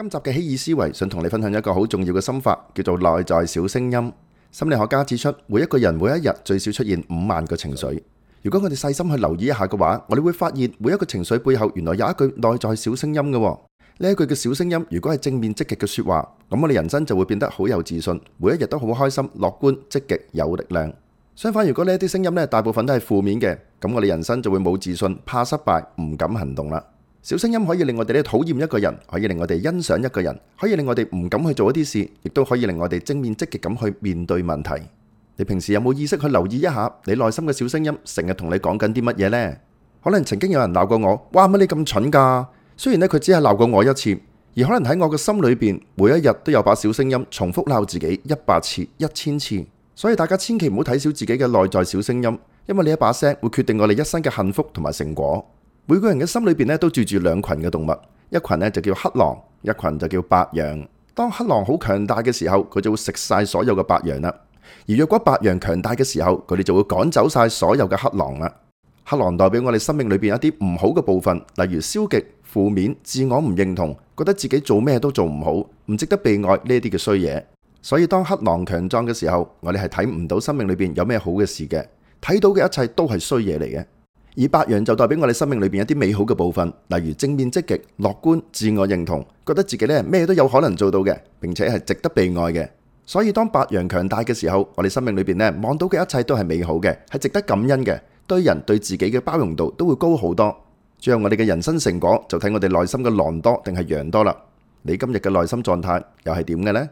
今集嘅希爾思維想同你分享一個好重要嘅心法，叫做內在小聲音。心理學家指出，每一個人每一日最少出現五萬個情緒。如果我哋細心去留意一下嘅話，我哋會發現每一個情緒背後原來有一句內在小聲音嘅。呢一句嘅小聲音，如果係正面積極嘅說話，咁我哋人生就會變得好有自信，每一日都好開心、樂觀、積極、有力量。相反，如果呢一啲聲音呢，大部分都係負面嘅，咁我哋人生就會冇自信、怕失敗、唔敢行動啦。小聲音可以令我哋咧討厭一個人，可以令我哋欣賞一個人，可以令我哋唔敢去做一啲事，亦都可以令我哋正面積極咁去面對問題。你平時有冇意識去留意一下你內心嘅小聲音，成日同你講緊啲乜嘢呢？可能曾經有人鬧過我，哇！乜你咁蠢㗎？雖然呢，佢只係鬧過我一次，而可能喺我嘅心裏邊，每一日都有把小聲音重複鬧自己一百次、一千次。所以大家千祈唔好睇小自己嘅內在小聲音，因為呢一把聲會決定我哋一生嘅幸福同埋成果。每個人嘅心裏邊咧都住住兩群嘅動物，一群咧就叫黑狼，一群就叫白羊。當黑狼好強大嘅時候，佢就會食晒所有嘅白羊啦。而若果白羊強大嘅時候，佢哋就會趕走晒所有嘅黑狼啦。黑狼代表我哋生命裏邊一啲唔好嘅部分，例如消極、負面、自我唔認同、覺得自己做咩都做唔好、唔值得被愛呢啲嘅衰嘢。所以當黑狼強壯嘅時候，我哋係睇唔到生命裏邊有咩好嘅事嘅，睇到嘅一切都係衰嘢嚟嘅。而白羊就代表我哋生命裏邊一啲美好嘅部分，例如正面積極、樂觀、自我認同，覺得自己咧咩都有可能做到嘅，並且係值得被愛嘅。所以當白羊強大嘅時候，我哋生命裏邊咧望到嘅一切都係美好嘅，係值得感恩嘅，對人對自己嘅包容度都會高好多。最後我哋嘅人生成果就睇我哋內心嘅狼多定係羊多啦。你今日嘅內心狀態又係點嘅呢？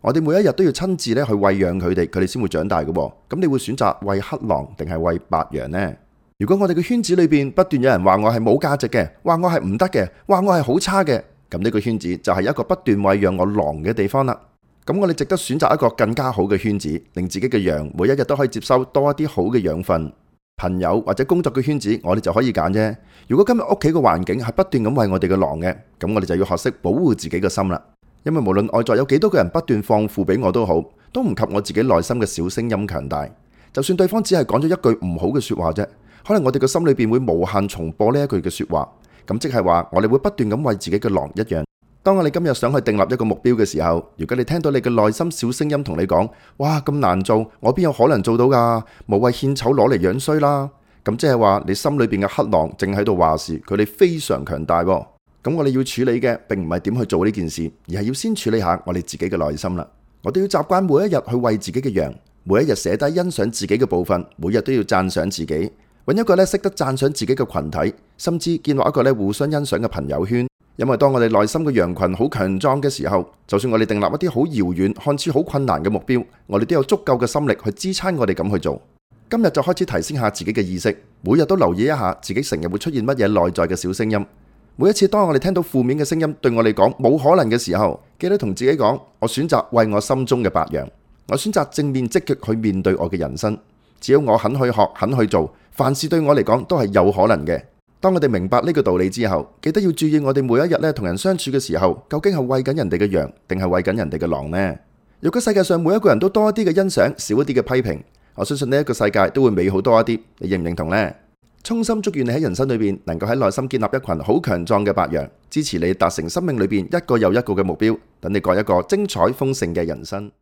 我哋每一日都要親自咧去餵養佢哋，佢哋先會長大嘅。咁你會選擇餵黑狼定係餵白羊呢？如果我哋嘅圈子裏邊不斷有人話我係冇價值嘅，話我係唔得嘅，話我係好差嘅，咁呢個圈子就係一個不斷喂養我狼嘅地方啦。咁我哋值得選擇一個更加好嘅圈子，令自己嘅羊每一日都可以接收多一啲好嘅養分。朋友或者工作嘅圈子，我哋就可以揀啫。如果今日屋企嘅環境係不斷咁喂我哋嘅狼嘅，咁我哋就要學識保護自己嘅心啦。因為無論外在有幾多個人不斷放負俾我都好，都唔及我自己內心嘅小聲音強大。就算對方只係講咗一句唔好嘅說話啫。可能我哋嘅心裏邊會無限重播呢一句嘅說話，咁即係話我哋會不斷咁餵自己嘅狼一樣。當我哋今日想去訂立一個目標嘅時候，如果你聽到你嘅內心小聲音同你講：哇，咁難做，我邊有可能做到㗎？無謂獻醜攞嚟樣衰啦。咁即係話你心裏邊嘅黑狼正喺度話事，佢哋非常強大。咁我哋要處理嘅，並唔係點去做呢件事，而係要先處理下我哋自己嘅內心啦。我哋要習慣每一日去餵自己嘅羊，每一日寫低欣賞自己嘅部分，每日都要讚賞自己。揾一個咧識得讚賞自己嘅群體，甚至建立一個咧互相欣賞嘅朋友圈。因為當我哋內心嘅羊群好強壯嘅時候，就算我哋訂立一啲好遙遠、看似好困難嘅目標，我哋都有足夠嘅心力去支撐我哋咁去做。今日就開始提升下自己嘅意識，每日都留意一下自己成日會出現乜嘢內在嘅小聲音。每一次當我哋聽到負面嘅聲音對我哋講冇可能嘅時候，記得同自己講：我選擇餵我心中嘅白羊，我選擇正面積極去面對我嘅人生。只要我肯去學，肯去做，凡事對我嚟講都係有可能嘅。當我哋明白呢個道理之後，記得要注意我哋每一日咧同人相處嘅時候，究竟係餵緊人哋嘅羊，定係餵緊人哋嘅狼呢？如果世界上每一個人都多一啲嘅欣賞，少一啲嘅批評，我相信呢一個世界都會美好多一啲。你認唔認同呢？衷心祝願你喺人生裏邊能夠喺內心建立一群好強壯嘅白羊，支持你達成生命裏邊一個又一個嘅目標，等你過一個精彩豐盛嘅人生。